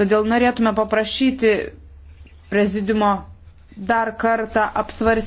Todėl norėtume paprašyti prezidiumo dar kartą apsvarstyti.